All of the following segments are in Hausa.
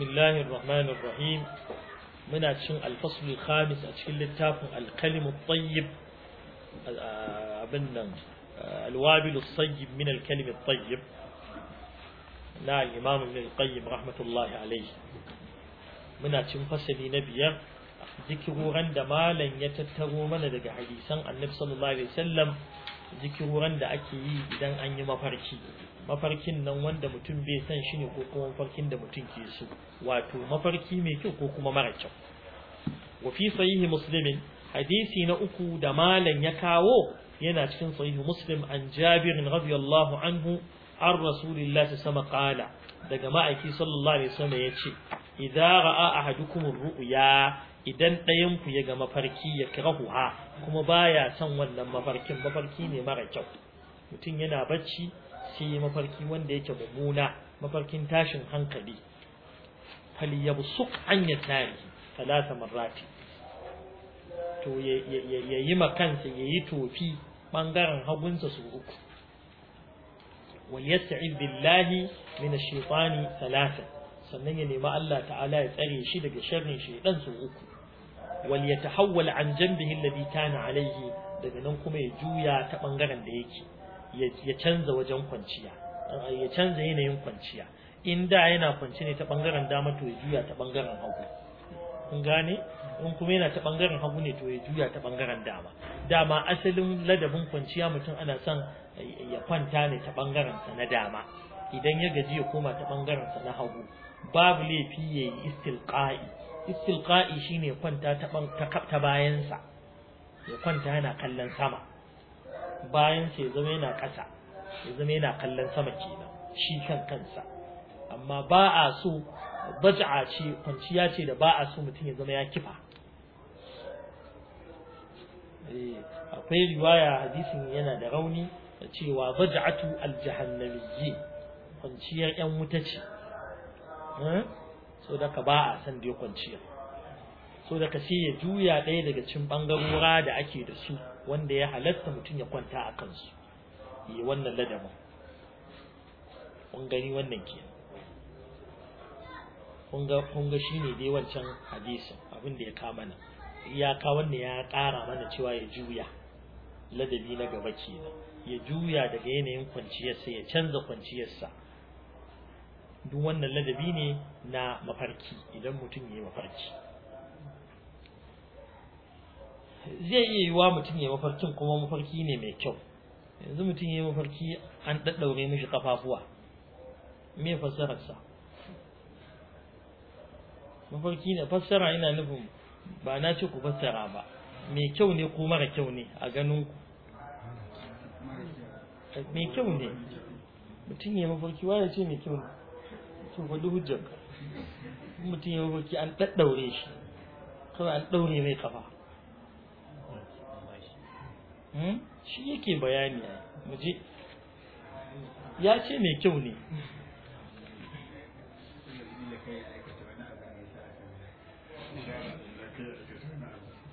بسم الله الرحمن الرحيم من أتشن الفصل الخامس أتشن للتاف الكلم الطيب أبنن الوابل الصيب من الكلم الطيب لا الإمام ابن القيم رحمة الله عليه من أتشن فصل نبيا ذكروا عند ما لن يتتروا من دقى حديثا النبي صلى الله عليه وسلم ذكروا عند أكي إذا أن يمفركي mafarkin nan wanda mutum bai san shi ne ko kuma mafarkin da mutum ke so wato mafarki mai kyau ko kuma mara kyau wa fi sahihi muslimin hadisi na uku da malan ya kawo yana cikin sahihi muslim an jabir radiyallahu anhu an rasulillahi sama qala daga ma'aiki sallallahu alaihi wasallam yace idza ra'a ahadukum ru'ya idan ɗayan ku ya ga mafarki ya kirahuha kuma baya son wannan mafarkin mafarki ne mara kyau mutum yana bacci sai yi mafarki wanda yake mummuna mafarkin tashin hankali fali ya busuk an ya tari talata marrati to ya yi makansa ya yi tofi ɓangaren hagunsa su uku وليستعذ بالله من الشيطان ثلاثة sannan ya nemi Allah ta'ala ya tsare shi daga sharrin shaidan su uku wal yatahawwal an janbihi alladhi kana alayhi daga nan kuma ya juya ta bangaren da yake ya canza wajen kwanciya eh, ya canza yanayin kwanciya in da yana kwanci ne ta bangaren dama to ya juya ta bangaren hagu kun gane in kuma yana ta bangaren hagu ne to ya juya ta bangaren dama dama asalin ladabin kwanciya mutum ana son eh, ya kwanta ne ta bangaren sa na dama idan ya gaji ya koma ta bangaren sa na hagu babu laifi ya yi istilqa'i istilqa'i shine kwanta ta ta bayan sa ya kwanta yana kallon sama bayan ya zama yana ƙasa ya zama yana kallon sama kenan shi kan kansa amma ba a so baj'a ce kwanciya ce da ba a so mutum ya zama ya kifa eh, akwai riwaya hadisin yana da rauni da cewa baj'atu aljahannamiyyi kwanciyar yan wuta ce eh, so daga ba a san dai kwanciya so daga sai ya juya ɗaya daga cin bangarora da ake da su wanda ya halatta mutum ya kwanta a kansu yi wannan ladabin kun gani wannan ke kun shi ne dai wancan hadisin abin da ya kama nan iyaka wanda ya ƙara mana cewa ya juya ladabi na gaba kenan ya juya daga yanayin kwanciyarsa ya canza kwanciyarsa duk wannan ladabi ne na mafarki idan mutum ya yi mafarki zai iya yiwa mutum ya mafarkin kuma mafarki ne mai kyau yanzu mutum ya mafarki an daddaure mishi kafafuwa me fassararsa mafarki ne fassara ina nufin ba na ce ku fassara ba mai kyau ne ko mara kyau ne a ganin ku mai kyau ne mutum ya mafarki wa ya ce mai kyau ne to faɗi hujjar mutum ya mafarki an daddaure shi kawai an daure mai kafa Hmm? shi yake bayani mu je ya ce mai kyau ne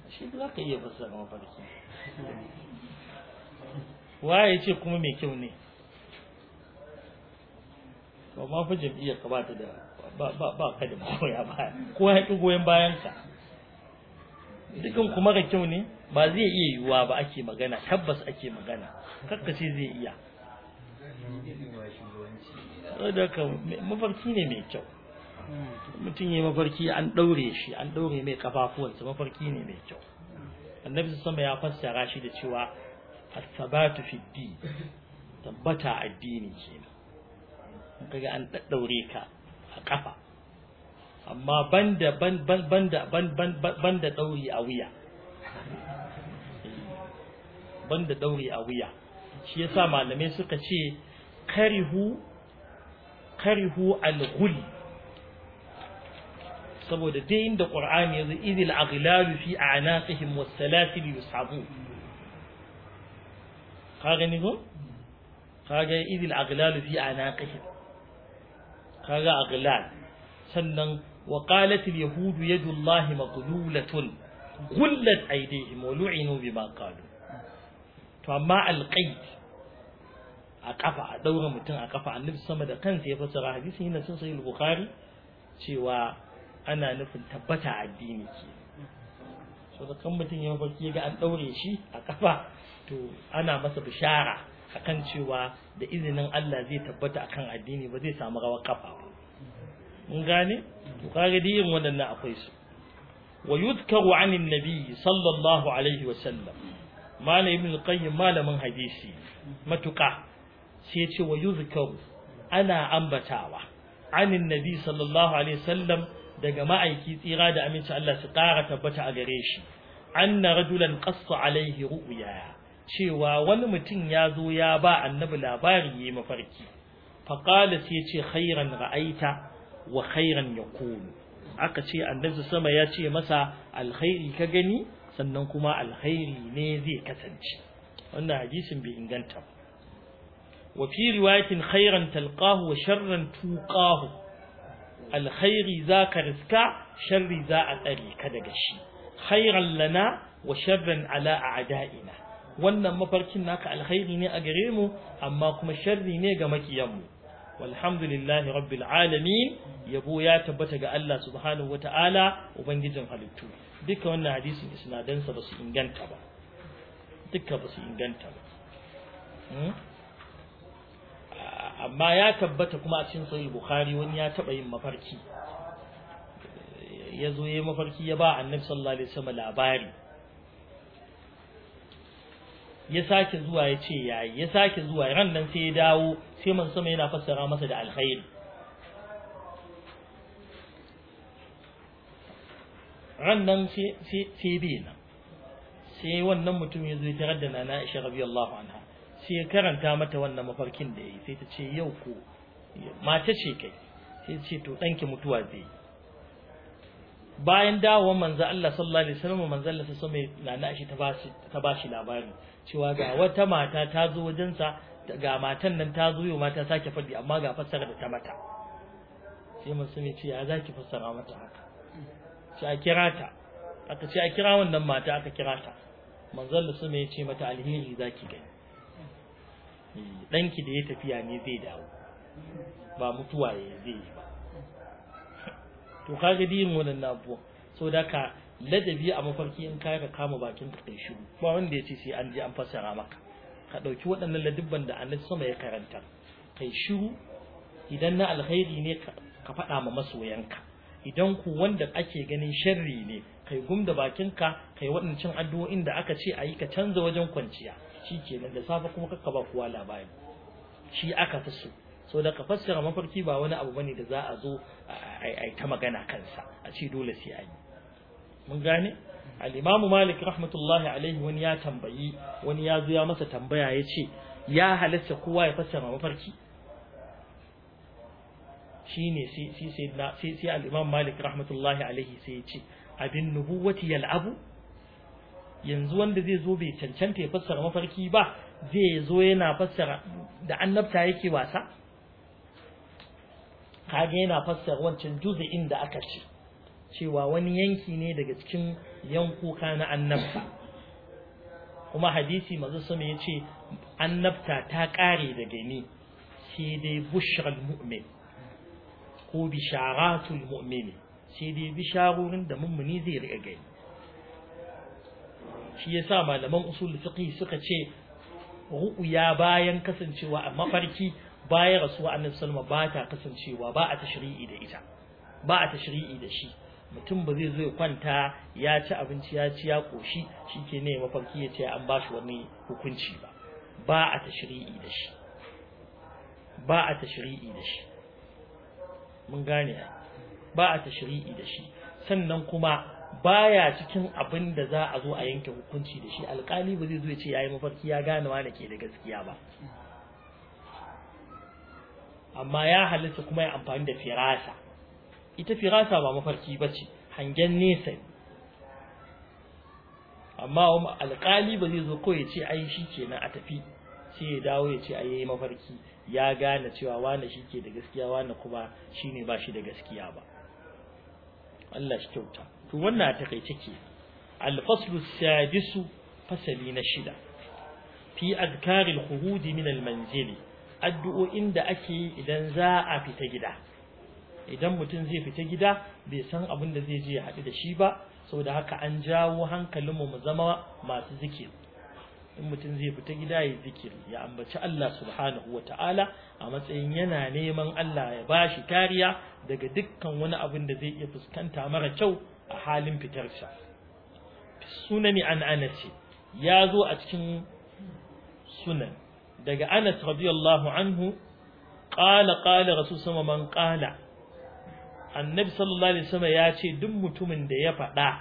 shi za ka iya a mafarki ya ce kuma mai kyau ne ba mafi jam'iyyar ka ba ta da ba ka da ba ya ki goyon bayan ka dukan kuma ga kyau ne ba zai iya yiwuwa ba ake magana tabbas ake magana kakkace zai iya daga mafarki ne mai kyau mutum ya mafarki an ɗaure shi an ɗaure mai kafafuwansa mafarki ne mai kyau annabi sama ya fassara shi da cewa Asabatu sabatu tabbata addini kenan kaga an ɗaɗɗaure ka a ƙafa. amma banda banda banda ɗauri a wuya banda ɗauri a wuya shi yasa malamai suka ce karihu karihu al-ghul saboda dai inda qur'ani yazo idil aghlalu fi a'naqihim was-salasil sabu, ka gani ko kaga idil aghlalu fi a'naqihim ga aghlal sannan وقالت اليهود يد الله مغلولة غلت أيديهم ولعنوا بما قالوا فما القيد أقفع دورة متن أقفع النبي صلى الله عليه وسلم يفسر حديثه هنا سنصي البخاري cewa ana nufin tabbata addini ke so da kan mutum ya farki ga an daure shi a kafa to ana masa bishara akan cewa da izinin Allah zai tabbata akan addini ba zai samu rawar kafa ba mun gane to kaga dai yin akwai su wa yudkaru anin nabi sallallahu alaihi wa sallam malam ibn qayyim malamin hadisi matuka sai ya ce wa yudkaru ana ambatawa anin nabi sallallahu alaihi wa sallam daga ma'aiki tsira da aminci Allah su ƙara tabbata a gare shi anna rajulan qassa alaihi ru'ya cewa wani mutum ya zo ya ba annabi labari yayi mafarki faqala sai ya ce khairan ra'aita wa khairan yakunu aka ce annabi sama ya ce masa alkhairi ka gani sannan kuma alkhairi ne zai kasance wannan hadisin bai inganta ba wa fi riwayatin khairan talqahu wa sharran tuqahu alkhairi zaka riska sharri za a tsare ka daga shi khairan lana wa sharran ala a'da'ina wannan mafarkin naka alkhairi ne a gare mu amma kuma sharri ne ga makiyanmu. mu walhamdulillahi rabbil alamin yabo ya tabbata ga Allah subhanahu wata'ala ubangijin halittu duka wannan hadisin isnadansa ba su inganta ba duka ba su inganta ba hmm? amma ya tabbata kuma a cikin sahih bukhari wani ya taba yin mafarki eh, ya zo mafarki ya ba annabi sallallahu alaihi wasallam labari ya sake zuwa ya ce yayi ya sake zuwa ran nan sai ya dawo sai man sama yana fassara masa da alkhairi ran nan sai sai bai na sai wannan mutum ya zo tarar da nana Aisha radiyallahu anha sai ya karanta mata wannan mafarkin da yayi sai ta ce yau ko mace ce kai sai ce to danki mutuwa zai bayan dawowar manzo Allah sallallahu alaihi wasallam manzo Allah sai mai lana shi ta bashi ta bashi cewa ga wata mata ta zo wajen sa ga matan nan ta zo yau mata sake fadi amma ga fassara da ta mata sai mun sani ce ya zaki fassara mata haka sai a kira ta aka ce a kira wannan mata aka kira ta manzo Allah sai ya ce mata alheri zaki gani danki eh, da ya tafiya ne zai dawo ba mutuwa ya zai yi ba to kaga diyin wannan abubuwan so da ka ladabi a mafarki in ka ka kama bakin ka kai shiru ba wanda ya ce sai an je an fassara maka ka ɗauki waɗannan ladibban da annabi sama ya karanta kai shiru idan na alkhairi ne ka faɗa ma masoyanka idan ku wanda ake ganin sharri ne kai gumda bakin ka kai waɗancan addu'o'in da aka ce ayi ka canza wajen kwanciya shikenan da safe kuma kakka ba kowa labari shi aka fi so so da ka fassara mafarki ba wani abu bane da za a zo a ta magana kansa a ce dole sai a yi mun gane al-imam malik rahmatullahi alaihi wani ya tambayi wani ya zo ya masa tambaya ya ce ya halatta kowa ya fassara mafarki shine sai sai sai sai al-imam malik rahmatullahi alaihi sai ya ce abin nubuwati yal'abu yanzu wanda zai zo bai cancanta ya fassara mafarki ba zai zo yana fassara da annabta yake wasa kage yana fassara wancan juz'in da aka ci. cewa wani yanki ne daga cikin yankuka na annabta kuma hadisi manzo sama ya yace annabta ta kare daga ni sai dai bushral mu'min ko bisharatul mu'mini sai dai bisharorin da mummuni zai riga gani shi yasa malaman usul fiqi suka ce ru'uya bayan kasancewa a mafarki bayan rasuwa annab sallama ba ta kasancewa ba a tashri'i da ita ba a tashri'i da shi mutum ba zai zo ya kwanta ya ci abinci ya ci ya koshi ke ne mafarki ya ce an ba shi wani hukunci ba ba a tashri'i da shi ba a tashri'i da shi mun gane ba a tashri'i da shi sannan kuma baya cikin abin da za a zo a yanke hukunci da shi alƙali ba zai zo ya ce yayi mafarki ya gane wa ke da gaskiya ba amma ya halitta kuma ya amfani da firasa ita firasa ba mafarki ba ce hangen nesa amma alƙali ba zai zo ko ya ce ai shi a tafi sai ya dawo ya ce ai yayi mafarki ya gane cewa wani shi ke da gaskiya wani kuma shi ne ba shi da gaskiya ba Allah shi kyauta to wannan a takaice ke alfaslu sadisu fasali na shida fi adkaril khuruji min almanzili addu'o'in da ake yi idan za a fita gida idan mutum zai fita gida bai san abin da zai je ya haɗu da shi ba da haka an jawo hankalinmu mu zama masu zikir in mutum zai fita gida ya zikir ya ambaci Allah subhanahu wa ta'ala a matsayin yana neman Allah ya bashi kariya daga dukkan wani abin da zai iya fuskanta mara kyau a halin fitarsa sunani an anasi ya zo a cikin sunan daga Anas radiyallahu anhu qala qala rasul sama man qala annabi sallallahu alaihi wasallam ya ce duk mutumin da ya faɗa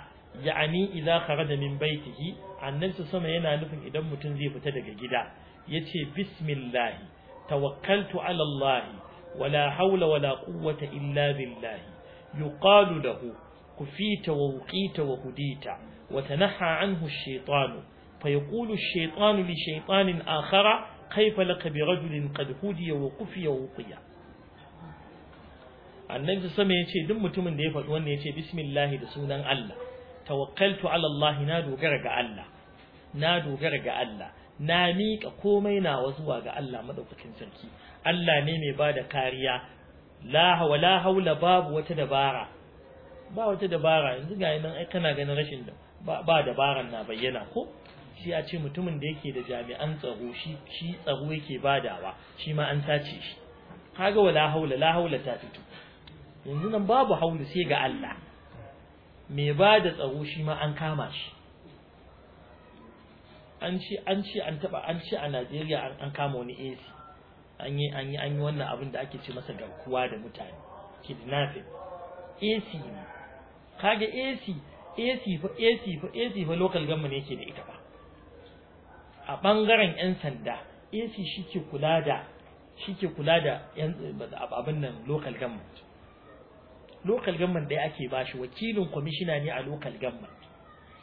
ya'ani idza kharaja min baitihi annabi sama yana nufin idan mutum zai fita daga gida yace bismillah tawakkaltu ala Allah wala hawla wala quwwata illa billah yuqalu lahu كفيت ووقيت وهديت وتنحى عنه الشيطان فيقول li لشيطان akara. kaifa laka bi rajulin qad hudiya wa qufiya wa qiya annabi sama yace duk mutumin da ya faɗi wannan yace bismillahi da sunan Allah tawakkaltu ala Allah na dogara ga Allah na dogara ga Allah na miƙa komai na zuwa ga Allah madaukakin sarki Allah ne mai bada kariya la hawla haula babu wata dabara ba wata dabara yanzu ga nan ai kana ganin rashin ba dabaran na bayyana ko shi a ce mutumin da yake da jami'an tsaro shi shi tsaro yake badawa shi ma an sace shi kaga wala haula la haula ta fito yanzu nan babu haula sai ga Allah mai bada tsaro shi ma an kama shi an ce an ci an taba an ce a Najeriya an kama wani AC an yi an yi an yi wannan abin da ake ce masa garkuwa da mutane kidnapping AC ne kage AC AC fa AC fa AC fa local government yake da ita ba a ɓangaren 'yan sanda ac shi ke kula da shi ke kula da abin nan local government local government ɗaya ake ba shi wakilin kwamishina ne a local government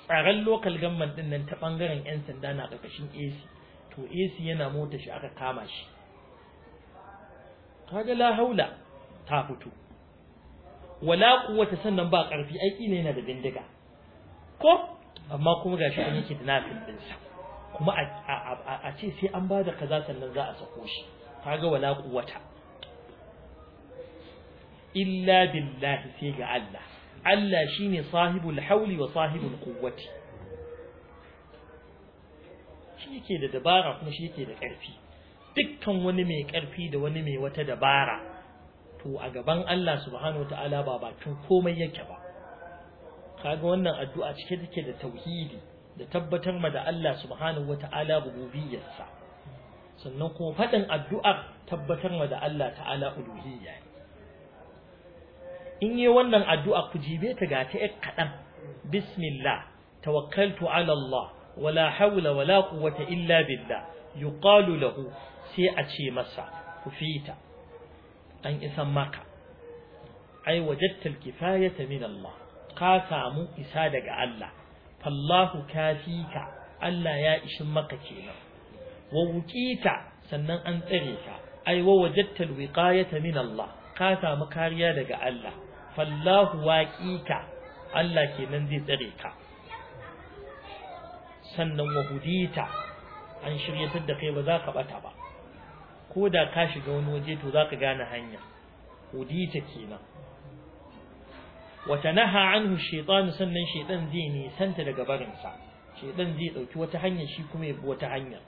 tsaron local government din nan ta ɓangaren 'yan sanda na ƙarƙashin ac to ac yana mota shi aka kama shi kaga la haula ta fito wala quwwata sannan ba ƙarfi aiki ne yana da bindiga ko amma kuma gashi an yake da nafin sa. kuma a ce sai an ba da kaza sannan za a sako shi kaga wala quwwata illa billahi sai ga Allah Allah shi sahibul hauli wa sahibul quwwati shi ke da dabara kuma shi ke da ƙarfi dukkan wani mai ƙarfi da wani mai wata dabara to a gaban Allah subhanahu ta'ala ba bakin komai yake ba kaga wannan addu'a cike take da tauhidi da tabbatar ma da Allah subhanahu wata'ala rububiyarsa sannan kuma faɗin addu'ar tabbatar ma da Allah ta'ala uluhiyya in yi wannan addu'a ku jibe ta ga ta yar kaɗan bismillah tawakkaltu ala Allah wala hawla wala quwwata illa billah yuqalu lahu sai a ce masa ku fita an isan maka ai wajadta al-kifayata min Allah ka samu isa daga Allah fallahu kafika Allah ya ishin maka kenan wa sannan an tsare ka ai wa wajadta alwiqayata min Allah ka samu kariya daga Allah fallahu waqika Allah kenan zai tsare ka sannan wa hudita an shiryatar da kai ba za ka bata ba ko da ka shiga wani waje to za ka gane hanya hudita kenan وتنهى عنه الشيطان سنن شيطان ديني nisanta daga barinsa shaitan zai dauki wata hanya shi kuma ya bi wata hanya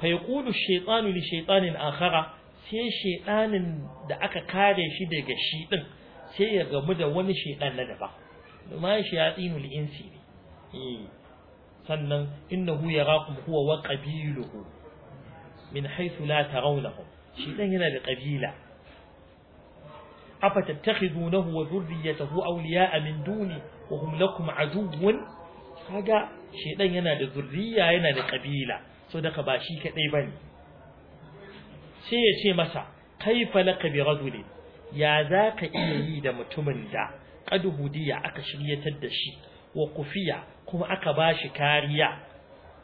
fa yaqulu ash li shaytanin akhara sai shaytanin da aka kare shi daga shi din sai ya gamu da wani shaytan na daban kuma shayatin al-insi ne eh, sannan innahu yaraqum huwa wa qabiluhu min haythu la tarawnahum shaytan yana da qabila أفتتخذونه وذريته أولياء من دوني وهم لكم عدو kaga shedan yana da zurriya yana da kabila so daga ba shi kadai bane sai ya ce masa kaifa laka bi rajuli ya zaka iya yi da mutumin da qad hudiya aka shiryatar da shi wa kufiya kuma aka bashi kariya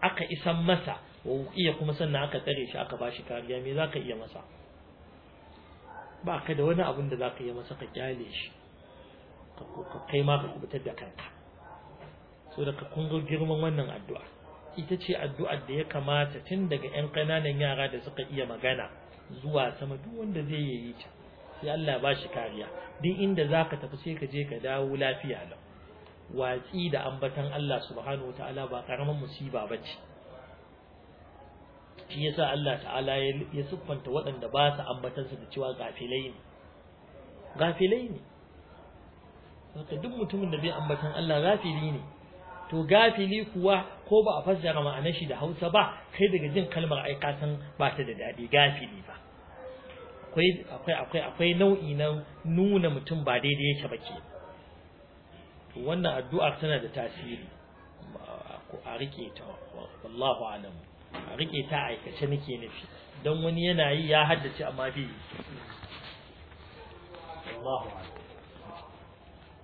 aka isa masa wa iya kuma sannan aka tsare shi aka bashi kariya me zaka iya masa ba ka da wani abin da za ka yi masa ka kyale shi ka kai ma ka kubutar da kanka so da ka kungo girman wannan addu'a ita ce addu'ar da ya kamata tun daga 'yan ƙananan yara da suka iya magana zuwa sama duk wanda zai yi ta sai Allah ba shi kariya duk inda zaka tafi sai ka je ka dawo lafiya lau watsi da ambatan Allah subhanahu wa Ta'ala ba karaman musiba bace shi yasa Allah ta'ala ya siffanta waɗanda ba su su da cewa gafilai ne gafilai ne haka duk mutumin da bai ambatan Allah gafili ne to gafili kuwa ko ba a fassara ma'anar shi da Hausa ba kai daga jin kalmar ai ka ba ta da dadi gafili ba akwai akwai akwai akwai nau'i na nuna mutum ba daidai yake ba ke to wannan addu'ar tana da tasiri a rike ta wallahu a'lamu rike ta aikace nake nufi don wani yana yi ya haddace amma bai Allahu